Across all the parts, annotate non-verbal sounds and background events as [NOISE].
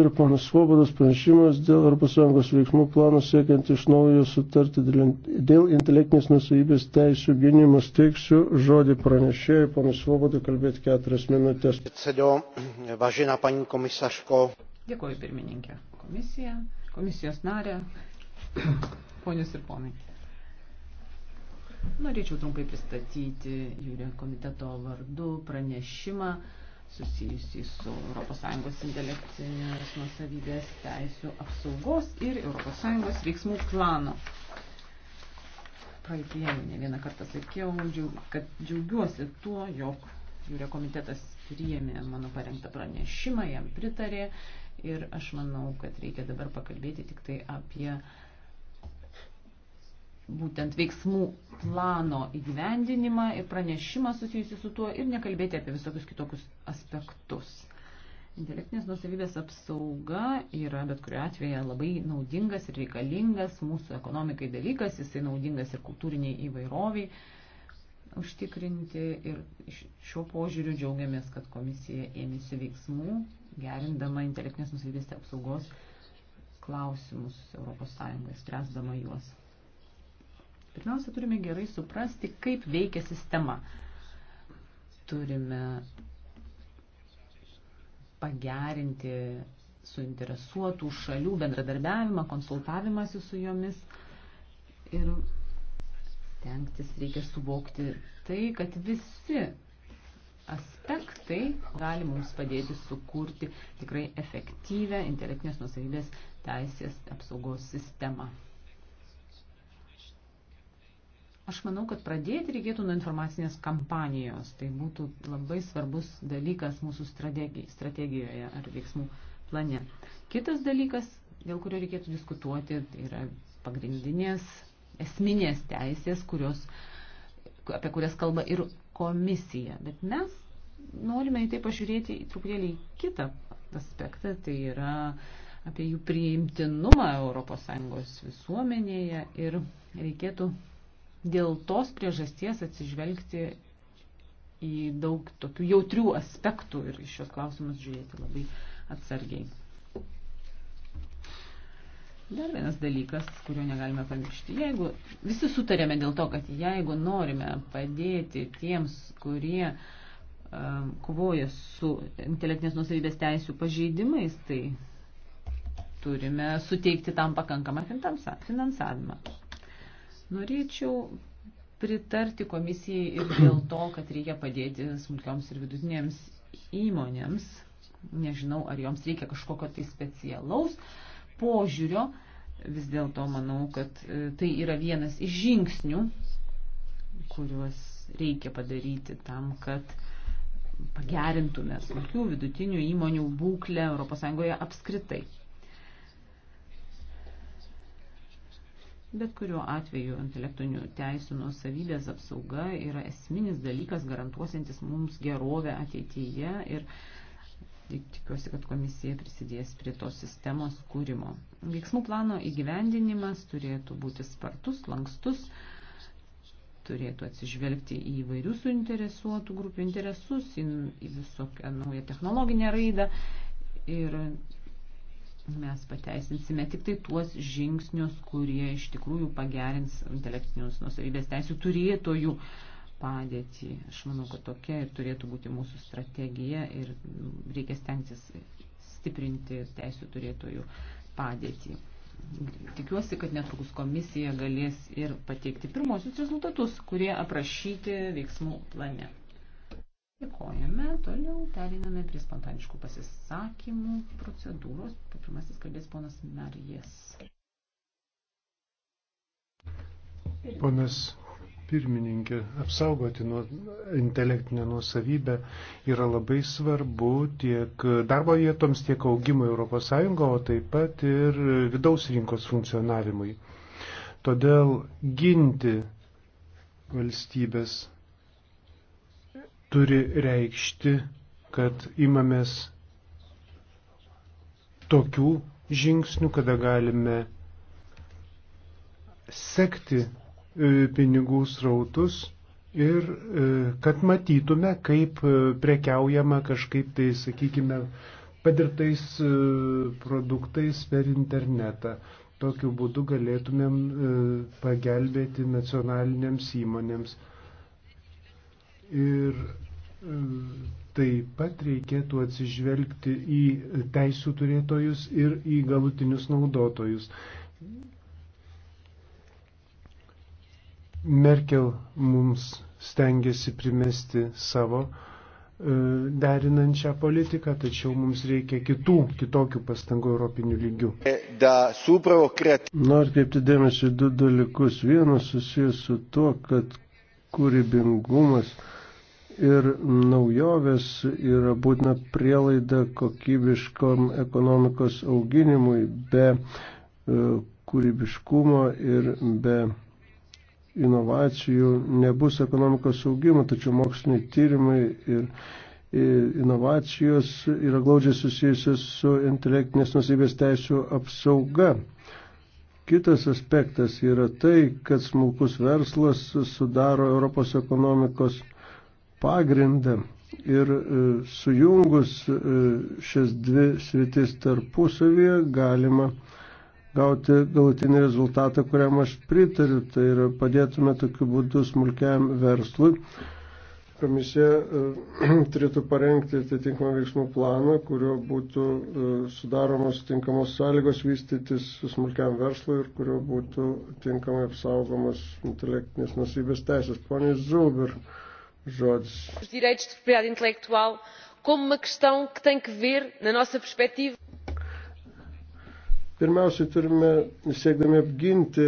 ir panas Svobodas pranešimas dėl ES veiksmų plano siekiant iš naujo sutarti dėl intelektinės nusavybės teisų gynimas teiksiu žodį pranešėjai panas Svobodai kalbėti keturias minutės. Sėdėjo, važina panin komisaško. Dėkuoju pirmininkė. Komisija, komisijos narė, [CLEARS THROAT] ponius ir ponai. Norėčiau trumpai pristatyti Jūrė komiteto vardu pranešimą susijusi su ES intelektinės nusavybės teisų apsaugos ir ES veiksmų plano. Praeitie jau ne vieną kartą sakiau, kad džiaugiuosi tuo, jog Jūrio komitetas priėmė mano parengtą pranešimą, jam pritarė ir aš manau, kad reikia dabar pakalbėti tik tai apie uh, būtent veiksmų plano įgyvendinimą ir pranešimą susijusi su tuo ir nekalbėti apie visokius kitokius aspektus. Intelektinės nusavybės apsauga yra bet kuriu atveju labai naudingas ir reikalingas mūsų ekonomikai dalykas, jisai naudingas ir kultūriniai įvairoviai užtikrinti ir šiuo požiūriu džiaugiamės, kad komisija ėmėsi veiksmų, gerindama intelektinės nusavybės apsaugos klausimus Europos Sąjungoje, spręsdama juos. Pirmiausia, turime gerai suprasti, kaip veikia sistema. Turime pagerinti suinteresuotų šalių bendradarbiavimą, konsultavimąsi su jomis ir tenktis reikia suvokti tai, kad visi aspektai gali mums padėti sukurti tikrai efektyvę intelektinės nusavybės teisės apsaugos sistemą. Aš manau, kad pradėti reikėtų nuo informacinės kampanijos. Tai būtų labai svarbus dalykas mūsų strategijoje ar veiksmų plane. Kitas dalykas, dėl kurio reikėtų diskutuoti, tai yra pagrindinės esminės teisės, kurios, apie kurias kalba ir komisija. Bet mes norime į tai pažiūrėti truputėlį į kitą aspektą, tai yra apie jų priimtinumą ES visuomenėje ir reikėtų dėl tos priežasties atsižvelgti į daug tokių jautrių aspektų ir iš šios klausimus žiūrėti labai atsargiai. Dar vienas dalykas, kurio negalime pamiršti. Jeigu visi sutarėme dėl to, kad jeigu norime padėti tiems, kurie um, kovoja su intelektinės nusavybės teisų pažeidimais, tai turime suteikti tam pakankamą finansavimą. Norėčiau pritarti komisijai ir dėl to, kad reikia padėti smulkioms ir vidutinėms įmonėms. Nežinau, ar joms reikia kažkokio tai specialaus požiūrio. Vis dėlto manau, kad e, tai yra vienas iš žingsnių, kuriuos reikia padaryti tam, kad pagerintume smulkių vidutinių įmonių būklę ES apskritai. Bet kuriuo atveju intelektinių teisų nuosavybės apsauga yra esminis dalykas garantuosiantis mums gerovę ateityje ir tikiuosi, kad komisija prisidės prie tos sistemos kūrimo. Veiksmų plano įgyvendinimas turėtų būti spartus, lankstus, turėtų atsižvelgti į įvairių suinteresuotų grupių interesus, į visokią naują technologinę raidą ir mes pateisinsime tik tai tuos žingsnius, kurie iš tikrųjų pagerins intelektinius nusavybės teisų turėtojų padėtį. Aš manau, kad tokia ir turėtų būti mūsų strategija ir reikia stengtis stiprinti teisų turėtojų padėtį. Tikiuosi, kad netrukus komisija galės ir pateikti pirmosius rezultatus, kurie aprašyti veiksmų plane. Dėkojame. Toliau periname prie spontaniškų pasisakymų procedūros. Pirmasis kalbės ponas Marijas. Ponas pirmininkė, apsaugoti nuo intelektinę nuosavybę yra labai svarbu tiek darbo vietoms, tiek augimui ES, o taip pat ir vidaus rinkos funkcionavimui. Todėl ginti valstybės turi reikšti, kad imamės tokių žingsnių, kada galime sekti e, pinigų srautus ir e, kad matytume, kaip e, prekiaujama kažkaip tai, sakykime, padirbtais produktais per internetą. Tokiu būdu galėtumėm pagelbėti nacionalinėms įmonėms. Ir Taip pat reikėtų atsižvelgti į teisų turėtojus ir į galutinius naudotojus. Merkel mums stengiasi primesti savo e, derinančią politiką, tačiau mums reikia kitų, kitokių pastangų europinių lygių. Noriu e, kreipti dėmesį du dalykus. Vienas susijęs su tuo, kad kūrybingumas ir naujovės yra būtina prielaida kokybiškom ekonomikos auginimui be e, kūrybiškumo ir be inovacijų nebus ekonomikos augimo, tačiau moksliniai tyrimai ir inovacijos yra glaudžiai susijusios su intelektinės nusybės teisų apsauga. Kitas aspektas yra tai, kad smulkus verslas sudaro Europos ekonomikos pagrindą ir e, sujungus e, šias dvi sritis tarpusavyje galima gauti galutinį rezultatą, kuriam aš pritariu. Tai yra padėtume tokiu būdu smulkiam verslui. Komisija e, [CLEARS THROAT] turėtų parengti atitinkamą veiksmų planą, kurio būtų sudaromos tinkamos sąlygos vystytis smulkiam verslui ir kurio būtų tinkamai apsaugomas intelektinės nusybės teisės. Pone Zuber žodis. Os direitos de propriedade intelectual como uma questão que tem que ver, na nossa perspectiva. Pirmiausia, turime, siekdami apginti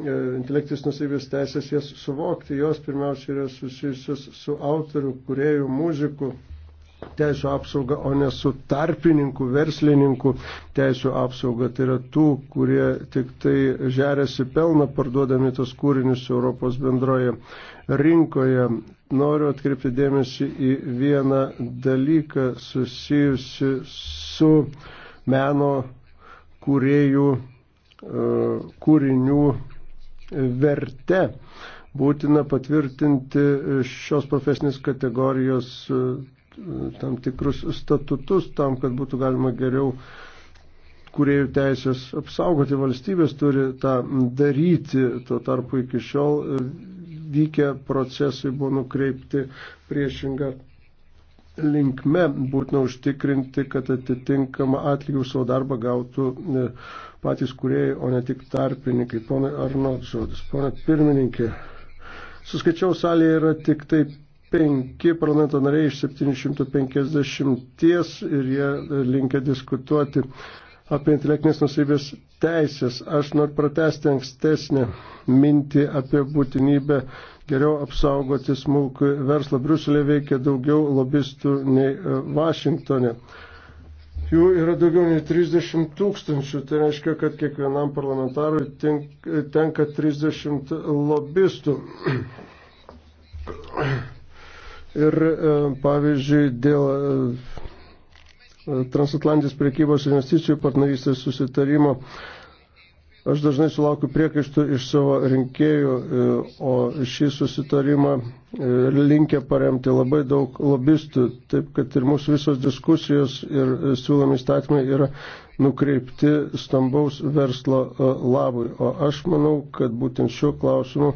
e, intelektinės nusavybės teisės, jas suvokti. Jos pirmiausia yra susijusios su autorių, kuriejų, muzikų teisų apsaugą, o ne su tarpininku, verslininku teisų apsaugą. Tai yra tų, kurie tik tai žeriasi pelną parduodami tos kūrinius Europos bendroje rinkoje. Noriu atkreipti dėmesį į vieną dalyką susijusi su meno kūrėjų e, kūrinių verte būtina patvirtinti šios profesinės kategorijos tam tikrus statutus tam, kad būtų galima geriau kuriejų teisės apsaugoti. Valstybės turi tą daryti. Tuo tarpu iki šiol e, vykę procesai buvo nukreipti priešingą linkme būtina užtikrinti, kad atitinkamą atlygį už savo darbą gautų e, patys kuriejai, o ne tik tarpininkai. Pone Arnold žodis, pone pirmininkė, suskaičiau salėje yra tik taip penki parlamento nariai iš 750 ir jie e, linkia diskutuoti apie intelektinės nusavybės teisės. Aš noriu pratesti ankstesnę mintį apie būtinybę geriau apsaugoti smulkų verslą. Briuselė veikia daugiau lobistų nei e, Vašingtonė. Jų yra daugiau nei 30 tūkstančių, tai reiškia, kad kiekvienam parlamentarui tenka 30 lobistų. Ir e, pavyzdžiui, dėl e, transatlantijos priekybos investicijų partnerystės susitarimo aš dažnai sulaukiu priekaištų iš savo rinkėjų, e, o šį susitarimą linkia paremti labai daug lobistų, taip kad ir mūsų visos diskusijos ir siūlomi statymai yra nukreipti stambaus verslo labui. O aš manau, kad būtent šiuo klausimu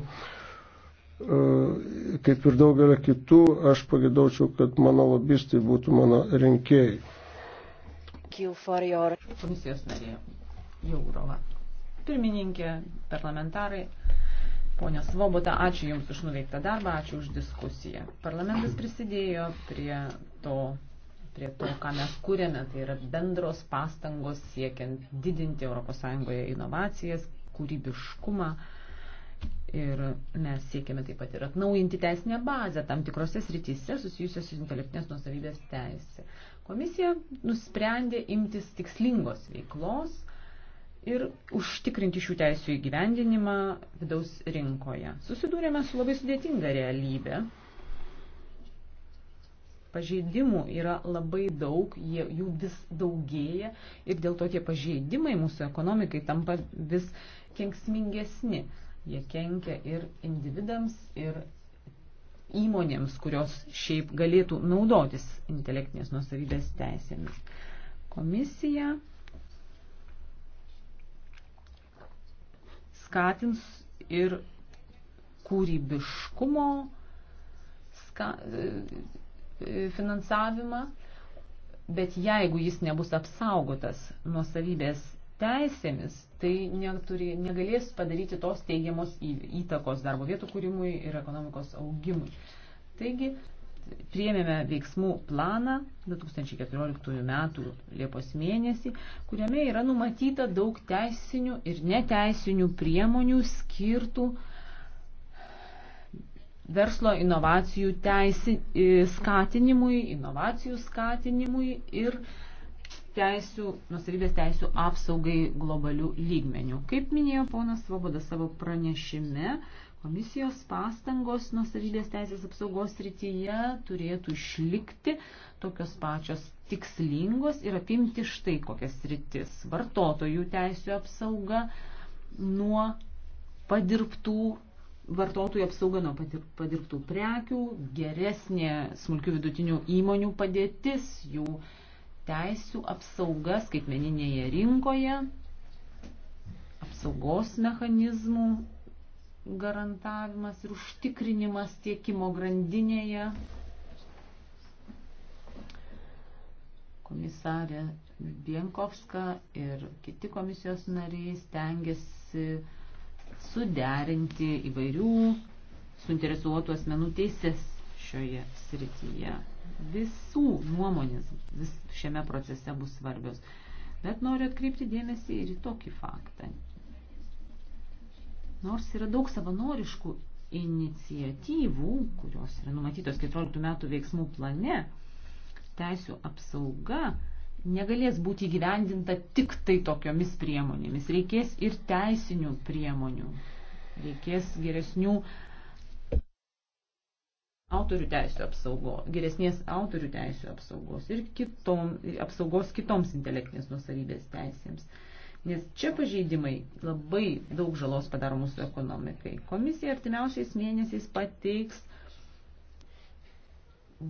kaip ir daugelio kitų, aš pagėdaučiau, kad mano lobistai būtų mano rinkėjai. Your... Komisijos narė Jaurova. Pirmininkė, parlamentarai, ponė Svoboda, ačiū Jums už nuveiktą darbą, ačiū už diskusiją. Parlamentas prisidėjo prie to, prie to, ką mes kūrėme, tai yra bendros pastangos siekiant didinti ES inovacijas, kūrybiškumą. Ir mes siekiame taip pat ir atnaujinti teisinę bazę tam tikrose srityse susijusios su intelektinės nuosavybės teisė. Komisija nusprendė imtis tikslingos veiklos ir užtikrinti šių teisų įgyvendinimą vidaus rinkoje. Susidūrėme su labai sudėtinga realybė. Pažeidimų yra labai daug, jie, jų vis daugėja ir dėl to tie pažeidimai mūsų ekonomikai tampa vis kenksmingesni. Jie kenkia ir individams, ir įmonėms, kurios šiaip galėtų naudotis intelektinės nusavybės teisėmis. Komisija skatins ir kūrybiškumo ska, e, e, finansavimą, bet jeigu jis nebus apsaugotas nuo savybės teisėmis, tai neturi, negalės padaryti tos teigiamos įtakos darbo vietų kūrimui ir ekonomikos augimui. Taigi, priėmėme veiksmų planą 2014 m. Liepos mėnesį, kuriame yra numatyta daug teisinių ir neteisinių priemonių skirtų verslo inovacijų teisi, e, skatinimui, inovacijų skatinimui ir uh, teisų, nusavybės teisų apsaugai globalių lygmenių. Kaip minėjo ponas Svoboda savo pranešime, komisijos pastangos nusavybės teisės apsaugos rytyje turėtų išlikti tokios pačios tikslingos ir apimti štai kokias rytis. Vartotojų teisų apsauga nuo padirbtų vartotojų apsauga nuo padirbtų prekių, geresnė smulkių vidutinių įmonių padėtis, jų teisų apsauga skaitmeninėje rinkoje, apsaugos mechanizmų garantavimas ir užtikrinimas tiekimo grandinėje. Komisarė Bienkovska ir kiti komisijos nariai stengiasi suderinti įvairių suinteresuotų asmenų teises šioje srityje. Visų nuomonės vis šiame procese bus svarbios. Bet noriu atkreipti dėmesį ir į tokį faktą. Nors yra daug savanoriškų iniciatyvų, kurios yra numatytos 14 metų veiksmų plane, teisų apsauga negalės būti gyvendinta tik tai tokiomis priemonėmis. Reikės ir teisinių priemonių, reikės geresnių uh, autorių teisų apsaugos, geresnės autorių teisų apsaugos ir kitom, apsaugos kitoms intelektinės nusavybės teisėms. Nes čia pažeidimai labai daug žalos padaro mūsų ekonomikai. Komisija artimiausiais mėnesiais pateiks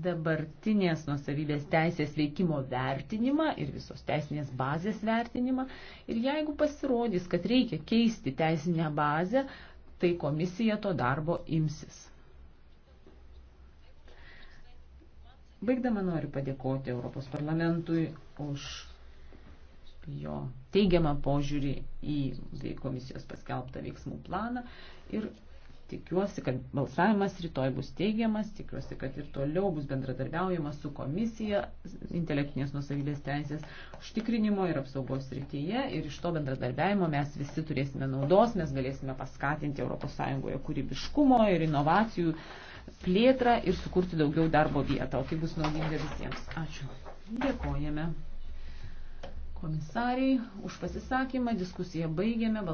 dabartinės nusavybės teisės veikimo vertinimą ir visos teisinės bazės vertinimą. Ir jeigu pasirodys, kad reikia keisti teisinę bazę, tai komisija to darbo imsis. Baigdama noriu padėkoti Europos parlamentui už jo teigiamą požiūrį į komisijos paskelbtą veiksmų planą ir tikiuosi, kad balsavimas rytoj bus teigiamas, tikiuosi, kad ir toliau bus bendradarbiaujama su komisija intelektinės nusavybės teisės užtikrinimo ir apsaugos srityje ir iš to bendradarbiavimo mes visi turėsime naudos, mes galėsime paskatinti ES kūrybiškumo ir inovacijų plėtrą ir sukurti daugiau darbo vietą, o tai bus naudinga visiems. Ačiū. Dėkojame komisariai už pasisakymą, diskusiją baigėme.